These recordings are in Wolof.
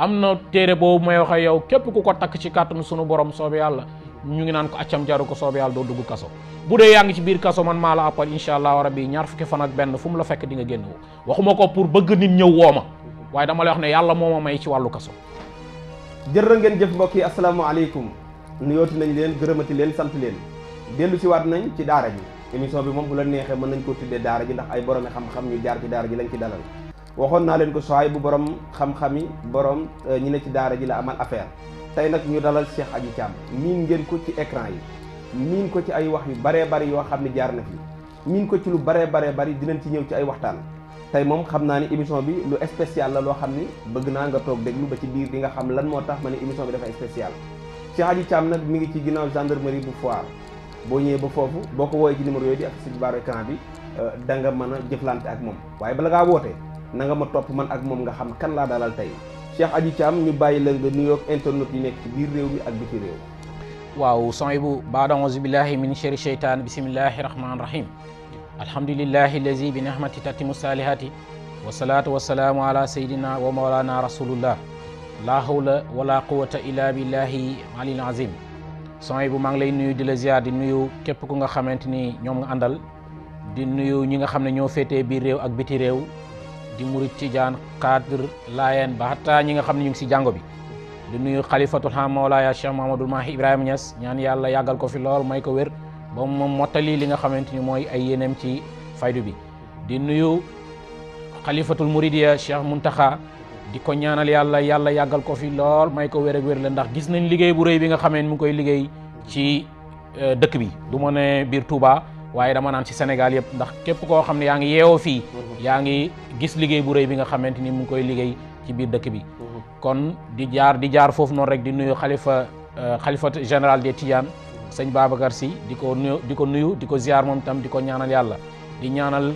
am na téere boobu may wax ak yow képp ku ko takk ci kàttanu sunu borom soobe yàlla ñu ngi naan ko accam jaru ko soobe yàlla doo dugg kaso bu dee yaa ngi ci biir kaso man maa la appal incha allah rabbi ñaar fukki fan ak benn fu mu la fekk di nga génn waxuma ko pour bëgg nit ñëw woo ma waaye dama lay wax ne yàlla moo ma may ci wàllu kaso. jërë ngeen jëf mbokk yi asalaamaaleykum nuyooti nañ leen gërëmati leen sant leen dellu si waat nañ ci daara ji émission bi bu la neexee mën nañ ko tuddee daara ji ndax ay borom xam-xam jaar ci daara ji lañ ci dalal waxoon naa leen ko soxaay bu borom xam-xami borom euh, ñi ne ci daara ji la amal affaire tey nag ñu dalal Cheikh Adji Thiam miin ngeen ko ci écran yi miin ko ci ay wax yu baree bari yoo xam ne jaar na fi miin ko ci lu bare bare bari dinañ ci ñëw ci ay waxtaan tey moom xam naa ni émission bi lu spécial la loo xam ni bëgg naa nga toog déglu ba ci biir di nga xam lan moo tax ma ne émission bi dafa spécial Cheikh Adji Thiam nag mi ngi ci ginnaaw gendarmerie bu Foire boo ñëwee ba foofu boo ko woowee ci numéro yooyu di ak si baaru écran bi euh, da nga mën a jëflante ak moom waaye bala ngaa wootee na ma topp man ak moom nga xam kan laa dalal tey Cheikh Adji Thiam ñu bàyyi la nga nuyoog internet yi nekk ci biir réew mi ak biti réew waaw sony bu baada auzu billahi min sheri sheytan bi nihmati tatimu salihati wasalaatu wasalaamu ala sayidina wa maolana bu maa lay nuyu di la ziar di nuyu képp ku nga xamante ni ñoom nga àndal di nuyu ñi nga xam ne ñoo féetee biir réew ak biti réew di murit tijaan xaadir laayeen ba xataa ñi nga xam ne ñu ngi si jàngo bi di nuyu xalifatul xam mawlaaya cheikh mahamadul mahi ibrahima Niass ñaan yàlla yàggal ko fi lool may ko wér ba moom mottali li nga xamante ni mooy ay yéeneem ci faydu bi di nuyu xalifatul muridiya cheikh muntaxa di ko ñaanal yàlla yàlla yàggal ko fi lool may ko wér ak wér la ndax gis nañ liggéey bu rëy bi nga xamee mu ngi koy liggéey ci euh, dëkk bi du ne biir Touba waaye dama naan ci Sénégal yëpp ndax képp koo xam ne yaa ngi yeewoo fii mhm. yaa ngi gis liggéey bu réy bi nga xamante ni mu ngi koy liggéey ci biir dëkk bi mhm. kon di jaar di jaar foofu noonu rek di nuyu xalifa xalifa euh, général des Tidianes mhm. sëñ Babacar Sy di ko nuyu di ko nuyu di ko ziar moom tam di ko ñaanal yàlla di ñaanal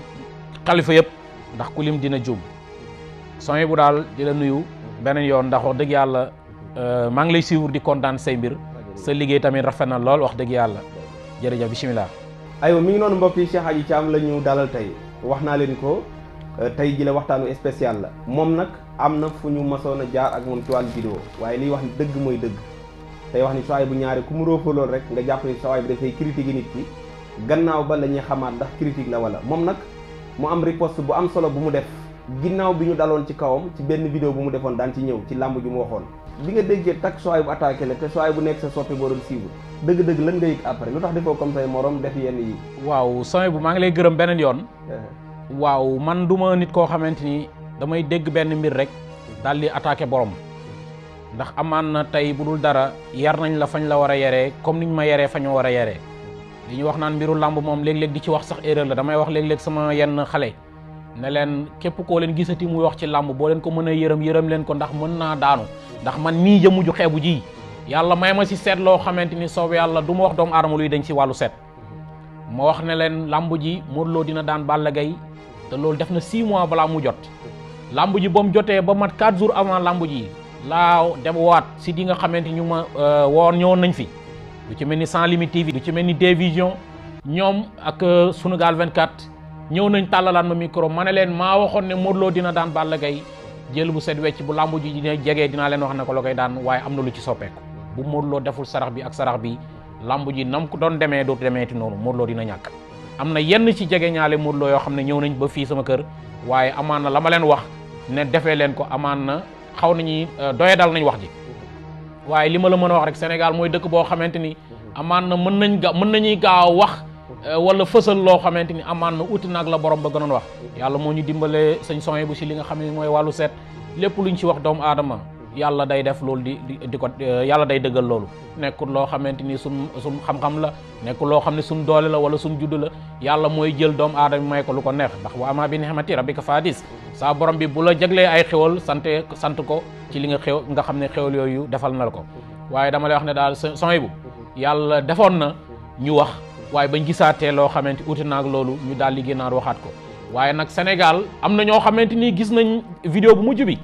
xalifa yëpp ndax kulim dina juum soñ bu daal di la nuyu beneen yoon ndax wax dëgg yàlla euh, maa ngi lay suivre di kontaan say mbir sa liggéey tamit rafet na lool wax dëgg yàlla jërëjëf bisimilah aywa mi ngi noonu mbopp yi Cheikh yi Thiam la ñu dalal tey wax naa leen ko euh, tey ji la waxtaanu spécial la moom nag am na fu ñu masoon a jaar ak moom ci wàllu vidéo waaye liy wax ni dëgg mooy dëgg tey wax ni sawaay bu ñaari ku mu roofalool rek nga jàpp ni sawaay bi dafay critiquer nit ki gannaaw ba la ñuy xamaat ndax critique la wala moom nag mu am riposte bu am solo bu mu def ginnaaw bi ñu daloon ci kawam ci benn vidéo bu mu defoon daan ci ñëw ci làmb ju mu waxoon bi nga déggee tak sooy bu attaqué la te sooy bu nekk sa soppi boroom siiwu dëgg-dëgg lan nga yëg après lu tax defoo comme say morom def yenn yi waaw sooy bu maa ngi lay gërëm beneen yoon eh. waaw man du ma nit koo xamante ni damay dégg benn mbir rek daal di attaqué borom ndax amaan na tey bu dul dara yar nañ la fañ la war a yaree comme ñu ma yaree fañu war a yaree li ñu wax naan mbiru làmb moom léeg-léeg di ci wax sax erreur la damay wax léeg-léeg sama yenn xale ne leen képp koo leen gisati muy wax ci làmb boo leen ko mën a yërëm yërëm leen ko ndax mën naa daanu ndax man nii ja mujj xeebu ji yàlla may ma si seet loo xamante ni soob yàlla du ma wax doomu aadama yi dañ si wàllu seet ma wax ne leen làmb ji Modou Lo dina daan Balla Gaye te loolu def na 6 mois balaa mu jot làmbu ji ba mu jotee ba mat 4 jours avant làmb ji laa dem waat si di nga xamante ñu ma euh, woon ñëwoon nañ fi du ci mel ni Sans Limite TV du ci mel ni Télévision ñoom ak euh, Sunugal 24 ñëw nañ tàllalaat ma micro ma ne leen maa waxoon ne Modou Lo dina daan Balla Gaye jël bu set wecc bu làmb ji dina jege dina leen wax ne ko la koy daan waaye am na lu ci soppeeku bu Modou Lo deful sarax bi ak sarax bi làmb ji nam ko doon demee dootu demeeti noonu Modou dina ñàkk am na yenn ci jege ñaale Modou yoo xam ne ñëw nañ ba fii sama kër waaye amaan na la ma leen wax ne defee leen ko amaan na xaw nañu euh, doye dal nañu wax ji waaye li ma la mën a wax rek Sénégal mooy dëkk boo xamante ni mm-hmm. amaan na mën nañ ga mën nañuy gaaw wax Euh, wala fësal loo xamante ni amaan na uti naag la borom ba gënoon wax yàlla moo ñu dimbalee sëñ soye bu si li nga xam ne mooy wàllu seet ci euh, ni suñ suñ xam-xam la nekkul loo xam ne suñ doole la wala suñ judd la yàlla mooy jël doomu aadama may ko lu ko neex ndax wa amaa bi ni'mati rabbika fahaddis saa borom bi bu la jaglee ay xewal sant sant ko ci li nga xew nga xam ne xewal yooyu defal na la ko waaye dama lay wax ne daal soye bu yàlla defoon na ñu wax waaye bañ gisaatee loo xamante uti naag loolu ñu daal di génnaar waxaat ko waaye nag Sénégal am na ñoo xamante ni gis nañ vidéo bu mujj bi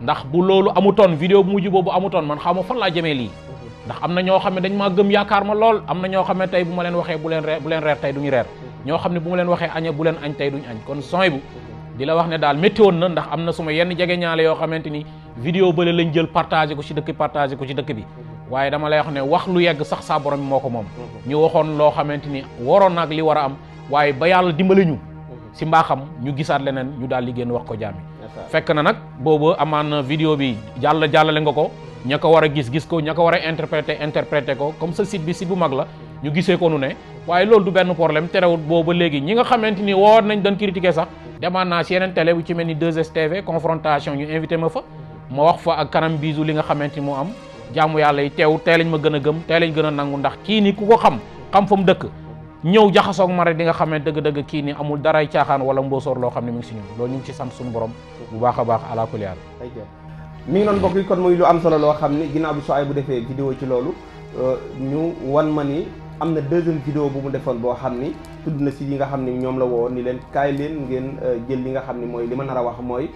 ndax bu loolu amutoon vidéo bu mujj boobu amutoon man ma fan laa jëmee lii ndax am na ñoo xam ne dañ maa gëm yaakaar ma lool am na ñoo xam ne tey bu ma leen waxee bu leen reer bu leen reer tey duñu reer ñoo xam ne bu ma leen waxee aña bu leen añ tey duñ añ kon sony bu di la wax ne daal métti woon na ndax am na suma yenn jege ñaale yoo xamante ni vidéo bële lañ jël partagé ko ci dëkk partagé ko ci dëkk bi waaye dama lay wax ne wax lu yegg sax saa moo ko moom mhm. ñu waxoon loo xamante ni waroon naag li war a am waaye ba yàlla dimbali ñu si mhm. mbaaxam ñu gisaat leneen ñu daal di génn wax ko jaami fekk na nag boobu amaan na bi jàll jàllale nga ko ña ko war a gis gis ko ña ko war a interpréter interpréter ko comme sa site bi site bu mag la ñu gisee ko nu ne waaye loolu du benn problème terewul boobu léegi ñi nga xamante ni woo nañ doon critiquer sax demaan naa si yeneen télé bu ci mel ni 2STV confrontation ñu invité ma fa ma wax fa ak kanam bisu li nga xamante ni moo am jaamu yàlla yi teew tey lañ ma gën a gëm tey lañ gën a nangu ndax kii nii ku ko xam xam fa mu dëkk ñëw jaxasoog ma rek di nga xam ne dëgg-dëgg kii ni amul daray caaxaan wala mboosoor loo xam ne mi ngi si ñun loolu ñu ngi ci sant suñu borom bu baax a baax ala kulli yàlla mi ngi doon bokk yi kon muy lu am solo loo xam ne ginnaaw bi soo ay bu defee vidéo ci loolu euh, ñu wan ma ni am na deuxième vidéo bu mu defoon boo xam ni tudd na si yi nga xam ne ñoom la woo ni leen kaay leen ngeen euh, jël li nga xam ne mooy li ma nar a wax mooy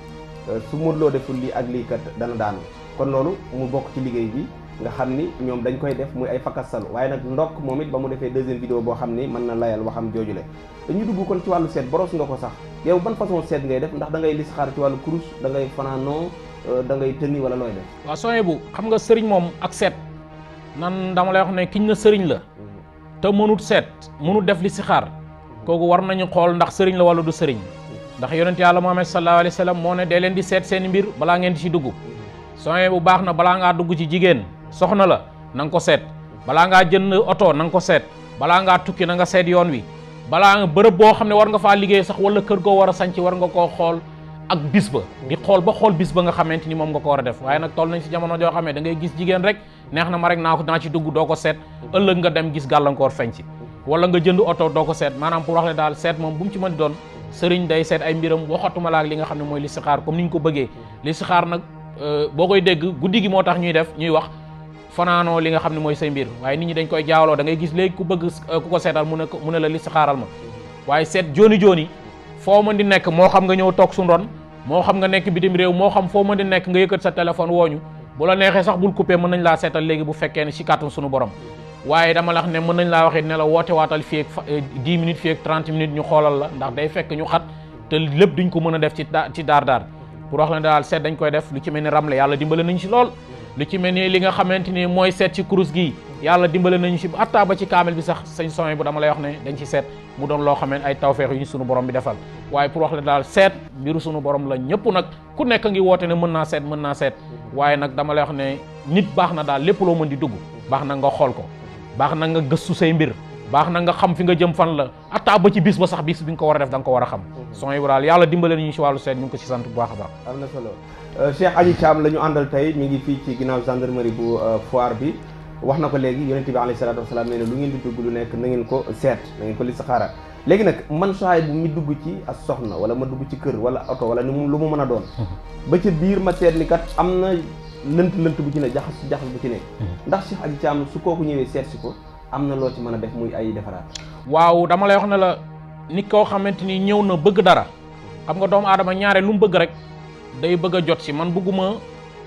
euh, su Modou Lo deful lii ak lii kat dana kon loolu mu bokk ci liggéey bi nga xam ni ñoom dañ koy def muy ay fakkastalu waaye nag ndokk moom it ba mu defee deuxième vidéo boo xam ni mën na layal waxam joojule dañu dugg kon ci wàllu seet boros nga ko sax yow ban façon seet ngay def ndax da ngay listixaar ci wàllu kurus da ngay fanaanoo euh, da ngay tëni wala looy def waa sone bu xam nga sëriñ moom ak seet nan dama la wax ne kiñ na sëriñ la te mënut seet mënut def listixaar kooku war nañu xool ndax sëriñ la wala du sëriñ ndax yonent yàlla Muhammad sallallahu alayhi wa sallam moo ne dee leen di seet seen mbir balaa di ci dugg soin bu baax na balaa ngaa dugg ci jigéen soxna la nanga ko seet balaa ngaa jënd oto na nga ko seet balaa ngaa tukki na nga seet yoon wi balaa nga bërëb boo xam ne war nga faa liggéey sax wala kër goo war a sanc war nga koo xool ak bis ba di xool ba xool bis ba nga xamante ni moom nga ko war a def waaye nag toll nañ si jamono joo xam ne ngay gis jigéen rek neex na ma rek naa ko naa ci dugg doo ko seet ëllëg nga dem gis gàllankoor feeñ ci wala nga jënd oto doo ko seet maanaam pour wax daal seet moom bu mu ci mën di doon li nga xam ne mooy listixaar comme ni ñu ko bëggee listixaar nag Euh, boo koy dégg guddi gi moo tax ñuy def ñuy wax fanaanoo li nga xam ne mooy say mbir waaye nit ñi dañ koy jaawloo da ngay gis léegi ku bëgg euh, ku ko seetal mu ne mu ne la listixaaral ma waaye seet jooni jooni foo mën di nekk moo xam nga ñëw toog suñu ron moo xam nga nekk bitim réew moo xam foo mën di nekk nga yëkkat sa téléphone wooñu bu la neexee sax bul coupé mën nañ laa seetal léegi bu fekkee ne si kàttan suñu borom waaye dama la wax ne mën nañ laa waxit ne la woote waatal fii ak 10 euh, minutes fii ñu xoolal la ndax day fekk ñu xat te lépp duñ ko mën a def ci ci daar daar pour wax la daal seet dañ koy def lu ci mel ni ramle yàlla dimbale nañu si lool lu ci mel ni li nga xamante ni mooy seet ci kurus gi yàlla dimbale nañu si atta ba ci kaamel bi sax sañ soy bu dama lay wax ne dañ ci seet mu doon loo xamante ay tawfeex yu ñu sunu borom bi defal waaye pour wax la daal seet mbiru sunu borom la ñëpp nag ku nekk ngi woote ne mën naa seet mën naa seet waaye nag dama la wax ne nit baax na daal lépp loo mën di dugg baax na nga xool ko baax na nga gëstu say mbir baax na nga xam fi nga jëm fan la atta ba ci bis ba sax bis bi nga ko war a def da nga ko war a xam mhm. son yi daal yàlla dimbale nañu si wàllu seet ñu ngi ko si sant bu baax a baax am na solo euh, Cheikh Adji Thiam ñu àndal tey mi ngi fii ci ginnaaw gendarmerie bu euh, foire bi wax na ko léegi yonent bi alayhi salaatu wasalaam nee na lu ngeen di dugg lu nekk na ngeen seet na ngeen ko listixaara léegi nag man saay bu mi dugg ci as soxna wala ma dugg ci kër wala oto wala ni mu lu mu mën a doon mhm. ba ca biir ma seet ni kat am na lënt lënt bu ci ne jaxas jaxas bu ci ne mhm. ndax Cheikh Adji Thiam su kooku ñëwee seet si ko am na loo ci mën a def muy ay defaraat. waaw dama lay wax na la nit koo xamante ni ñëw na bëgg dara xam nga doomu aadama ñaare lu mu bëgg rek day bëgg a jot si man bëgguma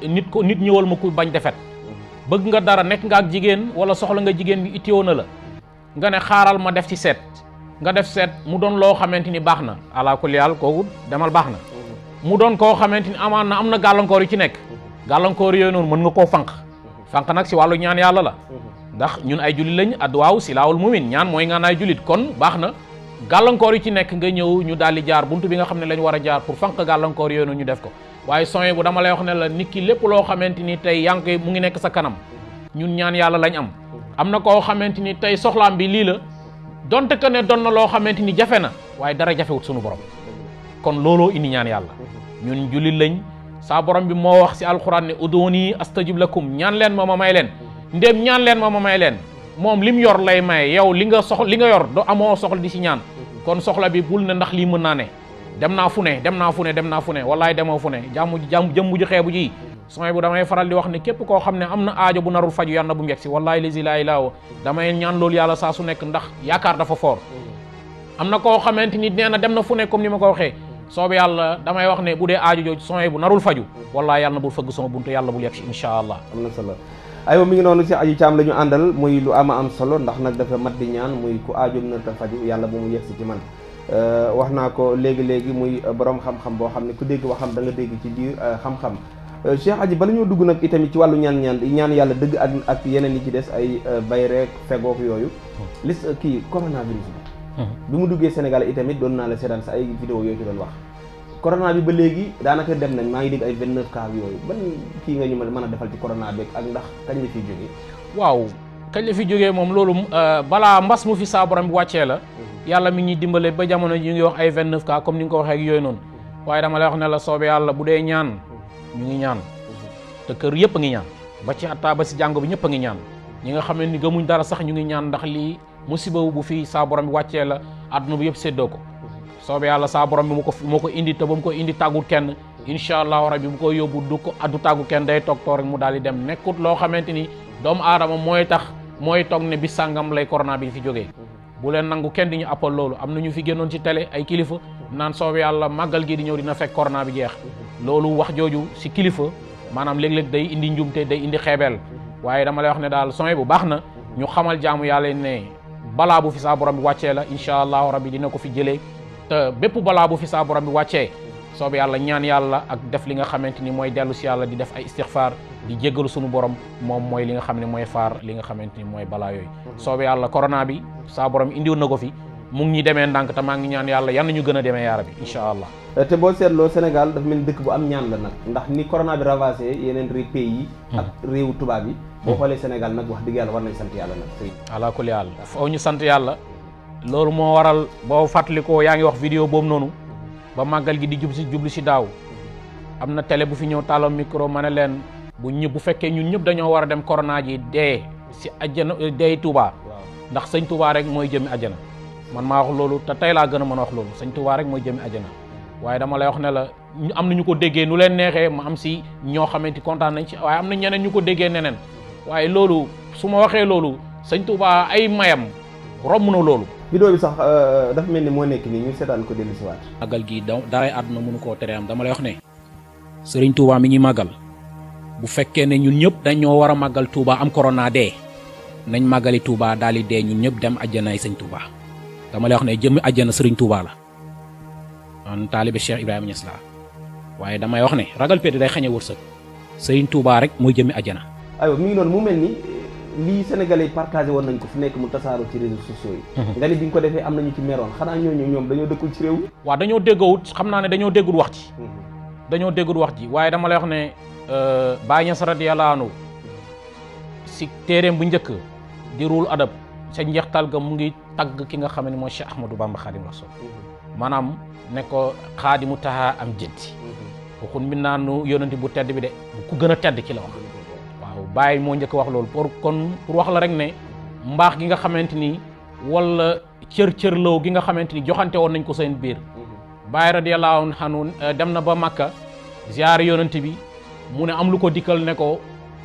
nit ko nit ñëwal ma ku bañ defet bëgg nga dara nekk nga ak jigéen wala soxla nga jigéen bi itteewoon na la nga ne xaaral ma def ci seet nga def seet mu doon loo xamante ni baax na ala kulli kooku demal baax na mu doon koo xamante ni amaan na am na gàllankoor yu ci nekk gàllankoor yooyu noonu mën nga koo fanq fanq nag si wàllu ñaan yàlla la ndax ñun ay jullit lañ adduwaaw silaawul mumin ñaan mooy ngaan ay jullit kon baax na gàllankoor yi ci nekk nga ñëw ñu daal di jaar bunt bi nga xam ne lañ war a jaar pour fànq gàllankoor yooyu ñu def ko waaye soye bu dama lay wax ne la nit ki lépp loo xamante ni tey yaa ngi mu ngi nekk sa kanam ñun ñaan yàlla lañ am am na koo xamante ni tey soxlaan bi lii la donte que ne doon na loo xamante ni jafe na waaye dara jafewut sunu borom kon looloo indi ñaan yàlla ñun jullit lañ saa borom bi moo wax si alxuraan ne udooni astajib lakum ñaan leen ma ma leen ndéem ñaan leen ma ma may leen moom li mu yor lay may yow li nga soxla li nga yor do amoo soxla di si ñaan kon soxla bi bul ne ndax lii mën naa ne dem naa fu ne dem naa fu ne dem naa fu ne wallaay demoo fu ne jàmm jàmm jëmm ju xeebu ji sumay bu damay faral di wax ne képp koo xam ne am na aajo bu narul faju yàlla bu mu yegg si wallaay lisi laay laaw damay ñaan loolu yàlla saa su nekk ndax yaakaar dafa foor am na koo xamante ni nee na dem na fu ne comme ni ma ko waxee soob yàlla damay wax ne bu dee aajo jooju sumay bu narul faju wallaay yàlla na bul fëgg sama buntu yàlla bul yegg si incha allah am na solo aywa mi ngi noonu si aju caam la ñu àndal muy lu am am solo ndax nag dafa mat di ñaan muy ku aajum na ta faju yàlla bu mu yegg si ci man euh, wax naa ko léegi-léegi muy borom xam-xam boo xam ne ku dégg waxam da nga dégg ci biir euh, xam-xam euh, Cheikh Aji bala ñoo dugg nag itamit ci wàllu ñaan ñaan ñaan yàlla dëgg ak ak yeneen yi ci des ay bay rek fegook yooyu hmm. lis kii coronavirus bi hmm. bi mu duggee Sénégal itamit doon naa la seetaan sa ay vidéo yooyu ci doon wax corona bi ba léegi daanaka dem nañ maa ngi dégg ay 29 cas yooyu ban kii nga ñu mën a defal ci koronaa beeg ak ndax kañ la fiy jógee. waaw kañ la fi jógee moom loolu euh, balaa mbas mu fi saa borom wàccee la. Mhm. yàlla mi ñuy dimbale ba jamono ñu ngi wax ay 29 cas comme ni nga ko waxee ak yooyu noonu. Mhm. waaye dama lay wax ne la soobee yàlla bu dee ñaan. Mhm. ñu ngi ñaan. te kër yëpp a ngi ñaan. ba ci atta ba si jàngo bi ñëpp a ngi ñaan. ñi nga xam ne ni gëmuñ dara sax ñu ngi ñaan ndax lii musiba bu fi saa borom bi wàccee la àdduna bi yëpp séddoo ko soobee yàlla saa bi mu ko moo ko indi te ba mu ko indi tàggut kenn incha allahu rabi bu ko yóbbu du ko du tàggu kenn day toog toog rek mu daal di dem nekkut loo xamante ni doomu aadama mooy tax mooy toog ne bi sàngam lay corona bi fi jógee bu leen nangu kenn di ñu appal loolu am na ñu fi génnoon ci télé ay kilifa naan soobee yàlla màggal gi di ñëw dina fekk corona bi jeex loolu wax jooju si kilifa maanaam léeg-léeg day indi njumte day indi xeebeel waaye dama lay wax ne daal somme bu baax na ñu xamal jaamu yàlla ne balaa bu fi saa borom wàccee la incha allahu rabi dina ko fi jëlee te bépp balaa bu fi saa bi wàccee soob yàlla ñaan yàlla ak def li nga xamante ni mooy dellu si yàlla di def ay istixfaar di jéggalu sunu borom moom mooy li nga xam ne mooy faar li nga xamante ni mooy balaa yooyu mhm. soob yàlla corona bi saa borom indiwoon na ko fi mu ngi demee ndànk te maa ngi ñaan yàlla yan ñu gën a demee yaara bi incha allah te boo seetloo Sénégal dafa mel dëkk bu am ñaan la nag ndax ni corona bi ravagé yeneen réew pays mhm. ak réewu tubaab yi boo mhm. xoolee Sénégal nag wax dëgg yàlla nañ sant yàlla nag sëy loolu moo waral boo fàttalikoo yaa ngi wax vidéo boobu noonu ba màggal gi di jub si jublu si daaw am na tele bu fi ñëw taaloo micro ma ne leen bu ñëpp bu fekkee ñun ñëpp dañoo war a dem corona ji dee si ajjana euh, dee Touba ndax sëñ Touba rek mooy jëmi ajjana man maa wax loolu te tey laa gën a mën a wax loolu sëñ Touba rek mooy jëmi ajjana waaye dama lay wax ne la ñu am na ñu ko déggee nu leen neexee ma am si ñoo xamante kontaan nañ ci waaye am na ñeneen ñu ko déggee neneen waaye loolu su ma waxee loolu sëñ ay mayam romb na loolu vidéo bi sax euh, dafa mel ni moo nekk nii ñu seetaan ko dellu si waat agal gi da daray àdduna mënu koo tere am dama lay wax ne sëriñ Touba mi ñuy màggal bu fekkee ne ñun ñëpp dañoo war a màggal Touba am koronaa dee nañ màggali tuubaa dal di dee ñun ñëpp dem ajjanaay sëñ Touba dama lay wax ne jëmmi ajjana sëriñ Touba la man taalibe Cheikh Ibrahima Niass laa waaye damay wax ne ragal pété day xañe wërsëg sëriñ Touba rek mooy jëmmi ajjana aywa mi ngi lii sénégalais yi partagé woon nañ ko fu nekk mu tasaaroo ci réseaux sociaux yi mhm. nga ni bi ñu ko defee am nañu ci meroon xanaa ñooñu ñoom dañoo dëkkul ci réew mi waaw dañoo déggoowut xam naa ne dañoo déggul wax ci mhm. dañoo déggul wax ji waaye dama lay wax ne euh, Baay Ñas radiyallaahu anhu si téeréem bu njëkk di ruul adab sa njeextal ga mu ngi tagg ki nga xam ne mooy Cheikh Ahmadou Bamba Xaadim Rasuul mhm. maanaam ne ko xaadimu taha am jënti waxun mi naa nu yonent bu tedd bi de gën a tedd ki la bàyyi moo njëkk wax loolu pour kon pour wax la rek ne mbaax gi nga xamante ni wala cër-cër law gi nga xamante ni joxante woon nañ ko seen biir bàyyi radiyallahu anhu euh, dem na ba Makka ziar yonent bi mu ne am lu ko dikkal ne ko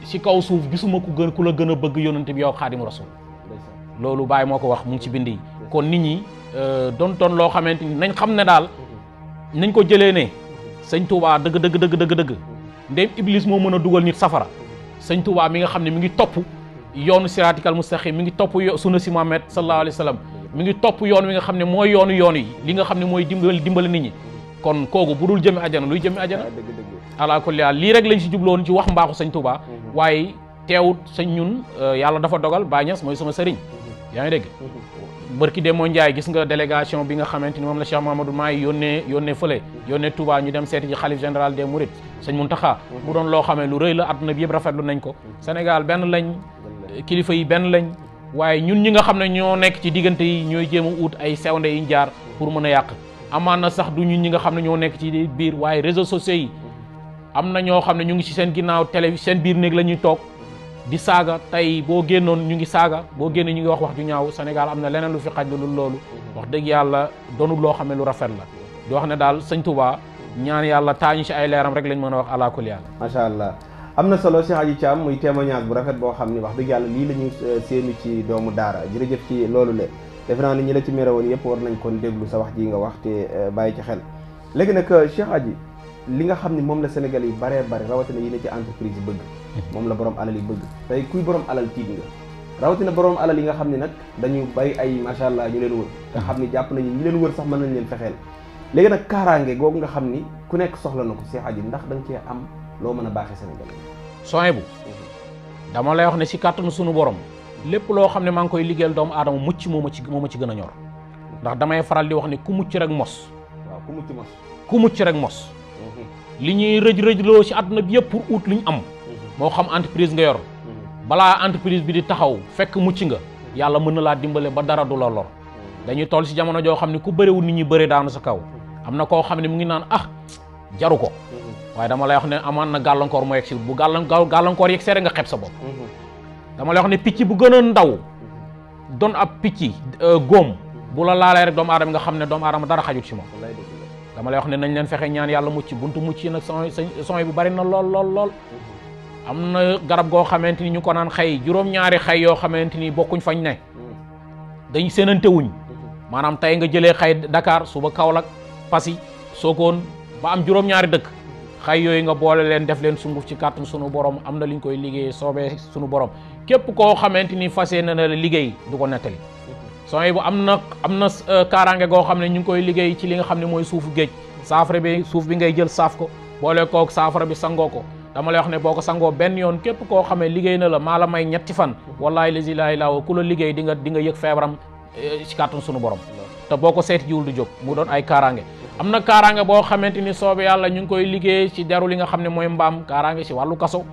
ci kaw suuf gisuma ku gën ku la gën a bëgg yonent bi yow xaadimu rasul loolu bàyyi moo ko wax mu ngi ci bind yi kon nit ñi euh, doon doon loo xamante ni nañ xam ne daal nañ ko jëlee ne sëñ Tuubaa dëgg dëgg dëgg dëgg ndéem iblis moo mën a dugal nit safara sëñ Touba mi nga xam ne mi ngi topp yoonu siraatikal mustaqim mi ngi topp sunna si Muhammad sallallahu alayhi wa sallam mi ngi topp yoon wi nga xam ne mooy yoonu yoon yi li nga xam ne mooy dimbali dimbali nit ñi kon kooku bu dul jëmi ajana luy jëmi ajana ala kulli lii rek lañ si jubloon ci wax mbaaxu sëñ Touba mm-hmm. waaye teewut sañ ñun euh, yàlla dafa dogal Baay Ñas mooy sama sëriñ mm-hmm. yaa ngi dégg mm-hmm. bërki de moo Ndiaye gis nga délégation bi nga xamante ni moom la Cheikh Mahamadou Maay yónnee yónnee fële yónnee Touba ñu dem seeti ji xalif général des Mourides sëñ Muntaxa mu doon loo xamee lu rëy la àdduna bi yëpp rafetlu nañ ko Sénégal benn lañ kilifa yi benn lañ waaye ñun ñi nga xam ne ñoo nekk ci diggante yi ñooy jéem a uut ay sewnde yi ñu jaar pour mën a yàq amaan na sax du ñun ñi nga xam ne ñoo nekk ci biir waaye réseaux sociaux yi am na ñoo xam ne ñu ngi ci seen ginnaaw télé seen biir néeg la ñuy toog di saaga tey boo génnoon ñu ngi saaga boo génnee ñu ngi wax wax ju ñaaw Sénégal am na leneen lu fi xaj lu dul loolu mhm. wax dëgg yàlla donul loo xam ne lu rafet la di wax ne daal sëñ Touba ñaan yàlla taa ñu ci ay leeram rek lañ mën a wax alaa yàlla macha allah am na solo Cheikh Adji Thiam muy témoignage bu rafet boo xam ne wax dëgg yàlla lii la ñu euh, séenu ci doomu daara jëf ci loolu le defe naa ne ñu la ci mere woon yëpp war nañ kon déglu sa wax ji nga wax te euh, bàyyi ci xel léegi nag euh, li nga xam ne moom la Sénégal yi baree bare rawatina yi ne ci entreprise yi bëgg moom la borom alal yi bëgg tey kuy borom alal tiit nga rawatina borom alal yi nga xam ne nag dañu bay ay macha allah ñu leen wër nga xam ni jàpp nañu ñi leen wër sax mën nañ leen fexeel léegi nag kaaraange googu nga xam ni ku nekk soxla na ko Cheikh Adji ndax da nga am loo mën a baaxee Sénégal soin bu dama lay wax ne si kàttanu sunu borom lépp loo xam ne maa ngi koy liggéeyal doomu aadama mucc moo ma ci moo ma ci gën a ñor ndax damay faral di wax ne ku mucc mos waaw ku mucc mos ku mucc rek mos li ñuy rëj rëjloo si àdduna bi yëpp pour ut li ñu am mhm. moo xam entreprise nga yor mhm. balaa entreprise bi di taxaw fekk mucc nga mhm. yàlla mën na laa dimbale ba dara du la lor dañuy toll si jamono joo xam ne ku bëriwul nit ñi bëri daanu sa kaw am na koo xam ne mu ngi naan ax ah, jaru ko waaye dama la wax ne amaan na gàllankoor moo yegg si bu gàllan gàllankoor yegg seere nga xeb sa bopp dama la wax ne picc bu gën a ndaw doon ab picc euh, góom bu la laalee rek doomu aadama nga xam ne doomu aadama dara xajut dama lay wax ne nañ leen fexe ñaan yàlla mucc buntu mucc yi nag son son bu bari na lool lool lool am na garab goo xamante ni ñu ko naan xay juróom-ñaari xay yoo xamante ni bokkuñ fañ ne dañ séenante maanaam tey nga jëlee xay Dakar suba Kaolack Passy Sokone ba am juróom-ñaari dëkk xay yooyu nga boole leen def leen sunguf ci kàttan sunu borom am na li ñu koy liggéeyee soobee sunu borom képp koo xamante ni fas yéene na liggéey du ko nettali sooy bu am na am na euh, kaaraange goo xam ne ñu ngi koy liggéey ci li nga xam ne mooy suufu géej saafara bi suuf bi ngay jël saaf ko boole kook saafara bi sangoo ko dama lay wax ne boo ko sangoo benn yoon képp koo xamee liggéey na la maa la may ñetti fan wallaahi lasi laay laaw ku la liggéey di nga di yëg feebaram euh, ci kàttan sunu borom te boo ko seeti jiwul du jóg mu doon ay kaaraange am na kaaraange boo xamante ni soobe yàlla ñu ngi koy liggéey ci deru li nga xam ne mooy mbaam kaaraange ci wàllu kaso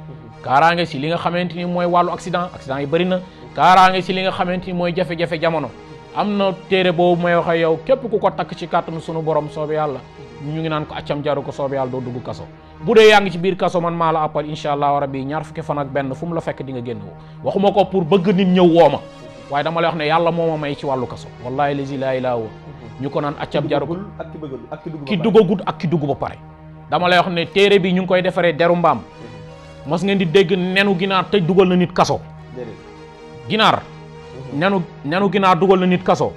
kaaraange ci li nga xamante ni mooy wàllu accident accident yi bëri na kaaraange ci li nga xamante ni mooy jafe jamono am na téere boobu may wax ak képp ku ko takk ci kàttanu sunu borom soobe yàlla ñu ngi naan ko accam jaru ko soobe yàlla doo dugg kaso bu dee yaa ngi ci biir kaso man maa la appal incha allah rabbi ñaar fukki fan ak benn fu mu la fekk di nga génn waxuma ko pour bëgg nit ñëw woo ma waaye dama lay wax ne yàlla moo ma may ci wàllu kaso wallahi lesi laa ilaa woon ñu ko naan accam jaru ko ki dugagut ak ki dugg ba pare dama lay wax ne téere bi ñu ngi koy defare deru mbaam mhm. mos ngeen di dégg nenu ginaar tëj dugal na nit kaso ginaar nenu nenu ginaar dugal na nit kaso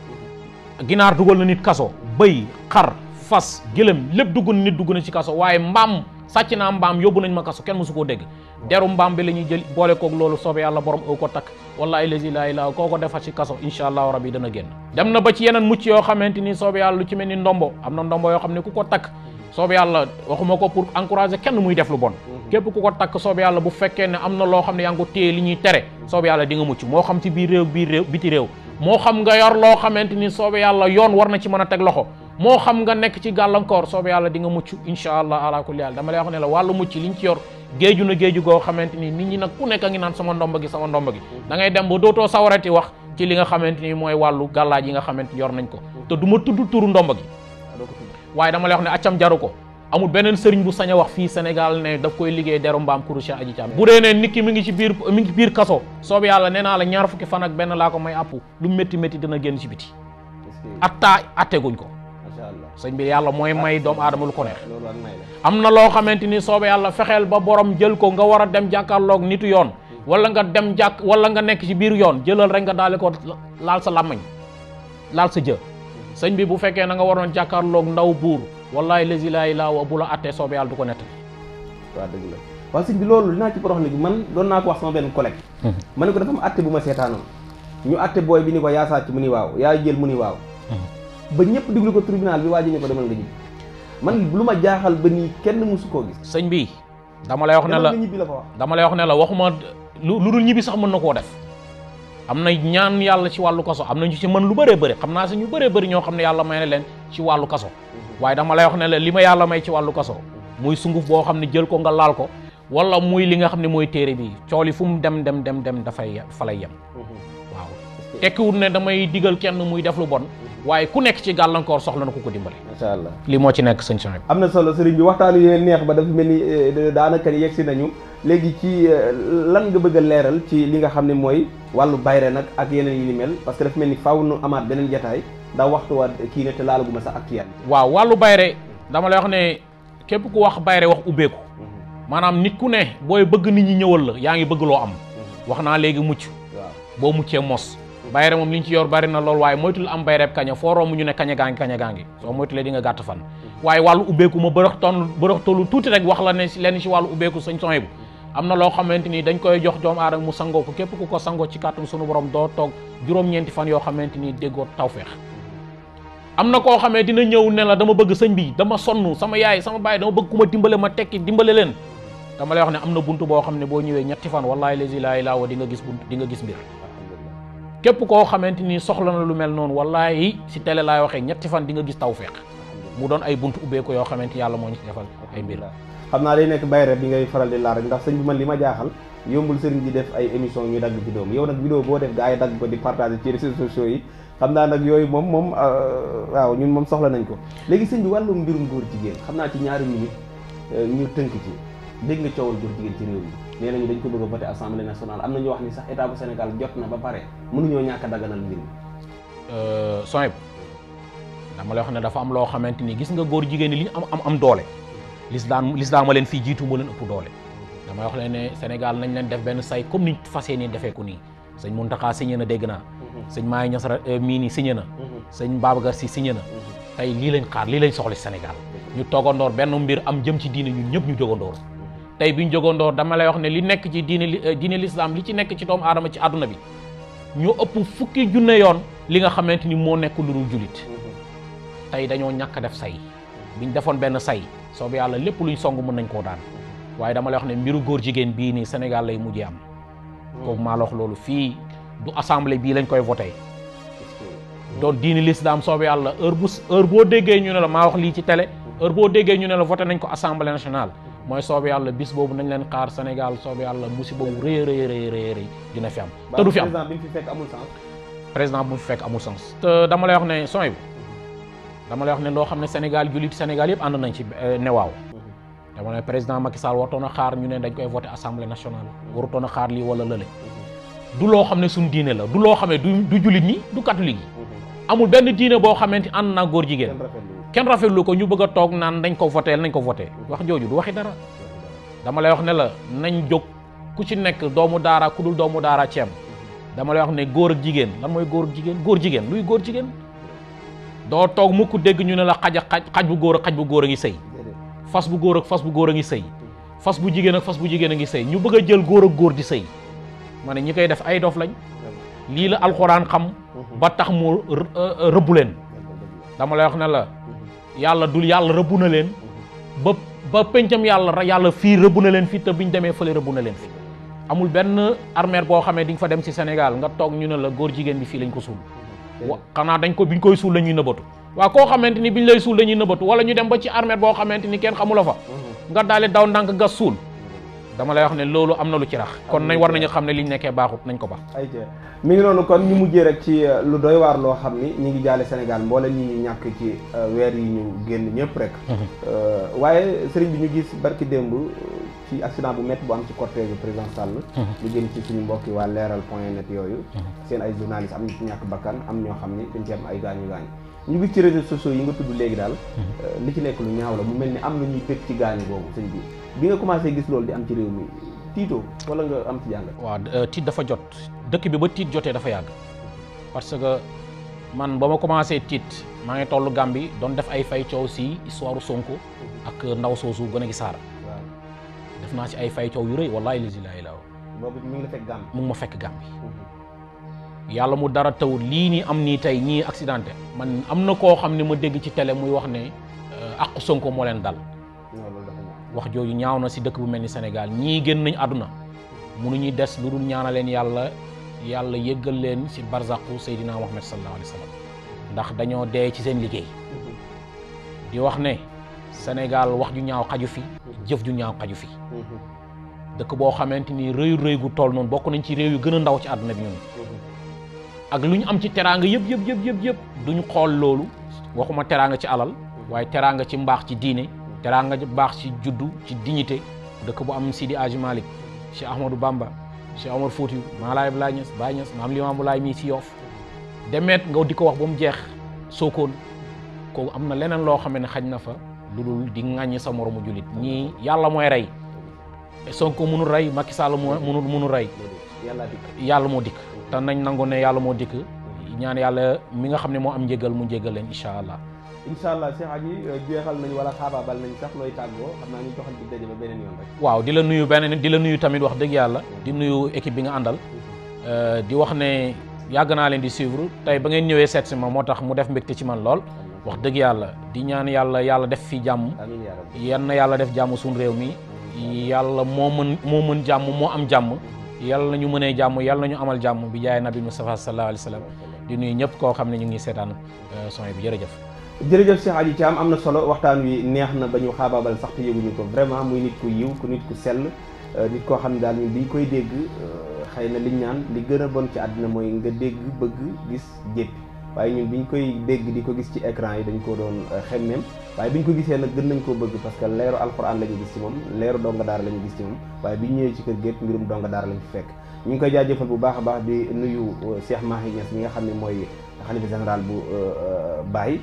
ginaar dugal na nit kaso bëy xar fas gëlëm lépp dugg na nit dugg na ci kaso waaye mbaam sàcc naa mbaam yóbbu nañ ma kaso kenn su koo dégg deru mbaam bi la ñuy jël boole kook loolu soobee yàlla borom aw ko takk wallaahi lazi laa ilaa koo ko defal ci kaso incha allahu rabi dana génn dem na ba ci yeneen mucc yoo xamante ni soobe yàlla lu ci mel ni ndombo am na ndombo yoo xam ne ku ko takk soobee yàlla waxuma ko pour encourager kenn muy def lu bon képp ku ko takk soob yàlla bu fekkee ne am na loo xam ne yaa ngi ko téye li ñuy tere soob yàlla di nga mucc moo xam ci biir réew biir réew biti réew moo xam nga yor loo xamante ni soob yàlla yoon war na ci mën a teg loxo moo xam nga nekk ci gàllankoor soob yàlla di nga mucc incha allah ala kulli dama lay wax ne la wàllu mucc liñ ci yor géeju na géeju goo xamante ni nit ñi nag ku nekk a ngi naan sama ndomba gi sama ndomba gi da ngay dem ba dootoo sawarati wax li nga xamante ni mooy wàllu gàllaaj yi nga xamante ni yor ko te du ma tudd ah, dama lay wax ne accam jaru ko amul beneen sëriñ bu sañ a wax fii Sénégal ne daf koy liggéey deru mbaam kuru Cheikh Adji Thiam bu dee ne nit ki mi ngi ci biir mi ngi biir kaso soob yàlla nee naa la ñaar fukki fan ak benn laa ko may àpp lu métti métti dina génn ci biti attaa atteguñ ko sëñ bi yàlla mooy may doomu aadama lu ko neex am na loo xamante ni soob yàlla fexeel ba boroom jël ko nga war a dem jàkkaarloog nitu yoon wala nga dem jàkk wala nga nekk ci biir yoon jëlal rek nga daale ko laal sa làmmañ laal sa jë sëñ bi bu fekkee na nga waroon jàkkaarloog ndaw buur wallaay lazi laa ilaa wa bu la attee soobee yàlla du ko nettali waaw waa la waaw sëñ bi loolu li naa ci porox léegi man doon naa ko wax sama benn collègue hmm. ma ne ko dafa am atte bu ma seetaanoon ñu atte booy bi ni ko yaa sàcc mu ni waaw yaa jël mu ni waaw hmm. ba ñëpp diglu ko tribunal bi waa ji ni ko demal nga ñibbi man lu ma jaaxal ba nii kenn mësu koo gis sëñ bi dama lay wax ne la ñibbi la ko wax dama lay wax ne la waxuma lu lu dul ñibbi sax mën na koo def am na ñaan yàlla ci wàllu kaso am na ñu ci mën lu bëree bëri xam naa si ñu bëree bëri ñoo xam ne yàlla may na leen ci wàllu kaso waaye dama lay wax ne la li ma yàlla may ci wàllu kaso muy sunguf boo xam ne jël ko nga laal ko wala muy li nga xam ne mooy téere bi cool yi fu mu dem dem dem dem dafay fa lay yem mm-hmm. waaw tekkiwut ne damay digal kenn muy def lu bon mm-hmm. waaye ku nekk ci gàllankoor soxla na ku ko dimbale macha allah li moo ci nekk sëñ Chouaib am na solo sëriñ bi waxtaan yu neex ba dafa mel ni eh, daanaka yegg si nañu léegi ci eh, lan nga bëgg a leeral ci li nga xam ne mooy wàllu bayre nag ak yeneen yi ni mel parce que dafa mel ni faaw nu amaat beneen jataay ndax waxtu wa kii ne te laalaguma sax actualité waaw wàllu bayre dama lay wax ne képp ku wax bayre wax ubbeeku maanaam nit ku ne booy bëgg nit ñi ñëwal la yaa ngi bëgg loo am wax naa léegi mucc boo muccee mos bayre moom li ñu ci yor bari na lool waaye moytul am bayreeb kaña foo romb ñu ne kaña gaa ngi kaña gaa ngi soo moytulee di nga gàtt fan waaye wàllu ubbeeku ma bërëx ton bërëx tollu tuuti rek wax la ne lenn si wàllu ubbeeku sañ sony bu am na loo xamante ni dañ koy jox doom aadama mu sangoo ko képp ku ko sangoo ci kàttan sunu borom doo toog juróom-ñeenti fan yoo xamante ni déggoo tawfeex am na koo xamee dina ñëw ne la dama bëgg sëñ bi dama sonn sama yaay sama baay dama bëgg ku ma dimbale ma tekki dimbale leen dama lay wax ne am na buntu boo xam ne boo ñëwee ñetti fan wallaahi lazi laa ilaaha di nga gis buntu di gis mbir képp koo xamante ni soxla na lu mel noonu wallaahi si tele laay waxee ñetti fan di nga gis tawféex mu doon ay buntu ubbeeku yoo xamante yàlla moo ñu ci defal ay mbir xam naa day nekk bayre bi ngay faral di laa ndax sëñ bi li ma jaaxal yombul sëriñ di def ay émission ñuy dagg vidéo yow nag vidéo boo def gaa yi dagg ko di xam naa nag yooyu moom moom euh, waaw ñun moom soxla nañ ko léegi sëñ bi wàllum mbirum góor jigéen xam naa ci ñaari minute euh, ñu tënk ci dégg nga coowal góor jigéen ci réew mi nee nañu dañ ko bëgg a voté assemblée nationale am na ñu wax ni sax état bu Sénégal jot na ba pare ñoo ñàkk a daganal mbir mi. Euh, Soyeb dama lay wax ne dafa am loo xamante ni gis nga góor jigéen ñi li am am am doole daan lislaam lislaam ma leen fii jiitu ma leen ëpp doole. dama wax leen ne Sénégal nañ leen def benn say comme ni fas yéeneen defee ko nii sëñ Mountakha signé na dégg naa. sëñ Maay Ñas eh, mii nii signé na mhm. sëñ Babacar Si signé na mhm. tey lii lañ xaar lii lañ soxla Sénégal mhm. ñu toogandoor benn mbir am jëm ci diine ñun ñëpp ñu jógandoor tey biñ jógandoor dama lay wax ne li nekk ci diine eh, diine l'islam li ci nekk ci doomu aadama ci àdduna bi ñu ëpp fukki junne yoon li nga xamante ni moo nekk lu dul julit tey dañoo ñakk def say biñ defoon benn say soobu yàlla lépp luñ song mën nañ koo daan waaye dama lay wax ne mbiru góor jigéen bii nii Sénégal lay am du assemblée bii lañ koy voté donc diini l'islam soobee yàlla heure bu heure boo déggee ñu ne la maa wax lii ci télé heure boo déggee ñu ne la voté nañ ko assemblée nationale mooy soobee yàlla bis boobu nañ leen xaar Sénégal soobee yàlla musiba bu rëy rëy rëy dina fi am. te du fi am président bi mu fi fekk amul sens. bu fekk amul sens. te dama lay wax ne sooy dama lay wax ne loo xam ne Sénégal jullit Sénégal yëpp ànd nañ ci euh, ne waaw. Mhm. dama ne président Macky Sall warutoon a xaar ñu ne dañ koy voté assemblée nationale. warutoon a xaar lii wala lële. du loo xam ne suñu diine la du loo xamee du du jullit ñi du catholique yi mm-hmm. amul benn diine boo xamante ànd naa góor jigéen kenn rafetlu ko ñu bëgg a toog naan nañ ko voté nañ ko voté mm-hmm. wax jooju du waxi dara dama lay wax ne la nañ jóg ku ci nekk doomu daara ku dul doomu daara ceem mm-hmm. dama lay wax ne góor ak jigéen lan mooy góor ak jigéen góor jigéen luy góor jigéen doo toog mukk dégg ñu ne la xaj ak xaj xaj bu góor ak xaj bu góor a ngi sëy fas bu góor ak fas bu góor a ngi sëy fas bu jigéen ak fas bu jigéen a ngi sëy ñu bëgg a jël góor ak góor di sëy ma ne ñi koy def ay doof lañ lii la alxuraan xam mhm. ba tax mu euh, euh, rëbbu leen dama lay wax ne la mhm. yàlla dul yàlla rëbbu na leen mhm. ba ba pencam yàlla yàlla fii rëbbu na leen fi te ñu demee fële rëbbu na leen fi amul benn armeer boo xamee di fa dem ci Sénégal nga toog ñu ne la góor jigéen bi fii lañ ko suul xanaa dañ ko biñ koy suul la ñuy nëbbatu waa koo xamante ni biñ lay suul la ñuy nëbbatu wala ñu dem ba ci armeer boo xamante ni kenn xamula fa nga daali daw ndànk suul dama lay wax ne loolu am na lu ci rax kon nañ war nañu xam ne li ñu nekkee baaxut nañ ko baax ay mi ngi noonu kon ñu mujjee rek ci euh, lu doy waar loo xam ni ñu ngi jaale Sénégal mboolem ñi ñu ñàkk ci euh, weer yi ñu génn ñëpp rek mhm. euh, waaye sëriñ bi ñu gis barki démb ci accident bu métti bu am ci cortège président Sall lu mhm. jëm ci suñu mbokki waa leeral point net yooyu mhm. seen ay journalistes am ñu ñàkk bakkan am ñoo xam ni dañ ci am ay gaañu gaañu ñu gis ci réseaux sociaux yi nga tudd léegi daal mhm. euh, li ci nekk lu ñaaw la mu mel ni am na ñuy bëgg ci gaañu boobu sëñ bi bi nga commencé gis loolu di am ci réew mi tiitoo wala nga am ci jàngat waaw euh, tiit dafa jot dëkk bi ba tiit jotee dafa yàgg parce que man ba ma commencé tiit maa ngi tollu Gàmbi doon def ay fay coow si histoire Sonko ak ndaw soosu gën a gi saara def naa si ay fay coow yu rëy wallahi lisi laa ilaaw mu ngi ma fekk Gàmbi mhm. yàlla mu dara tawul lii nii am nii tey ñii accidenté man am na koo xam ne ma dégg ci télé muy wax ne euh, àqu Sonko moo leen dal wax jooju ñaaw na si dëkk bu mel ni Sénégal ñii génn nañ àdduna mu ñuy des lu dul ñaana leen yàlla yàlla yëggal leen si barzaqu Seydina Muhammad sallallahu alayhi wa sallam ndax dañoo dee ci seen liggéey di wax ne senegaal wax ju ñaaw xaju fi jëf ju ñaaw xaju fi mm-hmm. dëkk boo xamante ni rëyu rëy gu tool noonu bokk nañ ci réew yu gën a ndaw ci àdduna bi ak lu ñu am ci teraanga yëpp yëpp yëpp yëpp yëpp duñu xool loolu waxuma teraanga ci alal waaye teraanga ci mbaax ci diine teraanga ci mbaax ci juddu ci dignité dëkk bu am di Sidi Aji Malick Cheikh Ahmadou Bamba Cheikh Omar Foutiyou Maalaay Abdoulaye Niass Baye Niass Maam Limaamu Laay mii si Yoff demeet nga di ko wax ba mu jeex sookoon kooku am na leneen loo xam ne xaj na fa lu dul di ŋàññi sa moromu jullit ñii yàlla mooy rey Sonko mënul rey Macky Sall mënul mënul rey yàlla moo dikk te nañ nangoo ne yàlla moo dikk ñaan yàlla mi nga xam ne moo am njégal mu njëgal leen incha allah. incha allah Cheikh jeexal nañu wala xaabaabal nañu sax looy tàggoo xam naa beneen yoon waaw di la nuyu beneen di la nuyu tamit wax dëgg yàlla. di nuyu équipe bi nga àndal. Mm-hmm. di wax ne yàgg naa leen di suivre tey ba ngeen ñëwee seet si ma moo tax mu def mbégte ci man lool. wax dëgg yàlla di ñaan yàlla yàlla def fi jàmm. yan na yàlla def jàmm suñu réew mi. yàlla moo mën moo mën jàmm moo am jàmm. yàlla nañu mënee jàmm yàlla ñu amal jàmm bi jaay nabi Mustafa sallallahu alayhi wa sallam di nuyu ñëpp koo xam ne ñu ngi seetaan euh, son bi jërëjëf jërëjëf Cheikh Adji Thiam am na solo waxtaan wi neex na ba ñu xaabaabal sax te yëguñu ko vraiment muy nit ku yiw ku nit ku sell euh, nit koo xam ne daal ñun bi ñu koy dégg euh, xëy na liñ naan li gën a bon ci àddina mooy nga dégg bëgg gis jéppi waaye ñun bi ñu koy dégg di ko gis ci ecran yi dañ ko doon euh, xemmeem waaye bi ñu ko gisee nag gën nañ koo bëgg parce que leeru alxuraan la ñu gis ci moom leeru donga daara la ñu gis ci moom bi ñëwee ci kër gépp mbirum donga daara lañ fi fekk ñu ngi koy jaajëfal bu baax a baax di nuyu euh, Cheikh Mahi Niass mi nga xam ne mooy xalifa général bu euh, Baye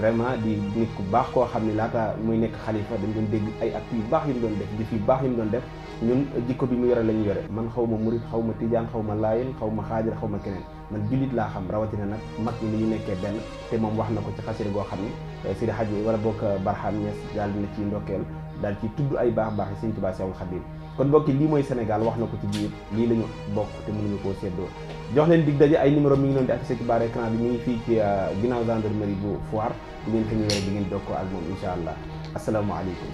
vraiment di nit ku baax koo xam ne laata muy nekk xalifa dañ doon dégg ay actes yu baax yu mu doon def jëf yu baax yu mu doon def ñun jikko bi mu yore la ñu yore man xaw ma murit xaw ma tijaan xaw ma laayeen xaw ma xaajir xaw ma keneen man jullit laa xam rawatina nag mag ñi ni ñu nekkee benn te moom wax na ko ci xasida goo xam ne eh, Sidi Hadj wala bokk eh, Barham Niass daal dina ci ndokkeel daal ci tudd ay baax baax yi Sëñ Tuubaa Seexul Xadiim kon mbokki lii mooy Sénégal wax na ko ci biir lii la ñu bokk te ñu koo seddoo jox leen dig daje ay numéro mi ngi doon di affiché ci barre écran bi mi ngi fii ci eh, ginnaaw gendarmerie bu Foire bu ngeen fa ñëwee di ngeen jokkoo ak moom incha allah asalaamaaleykum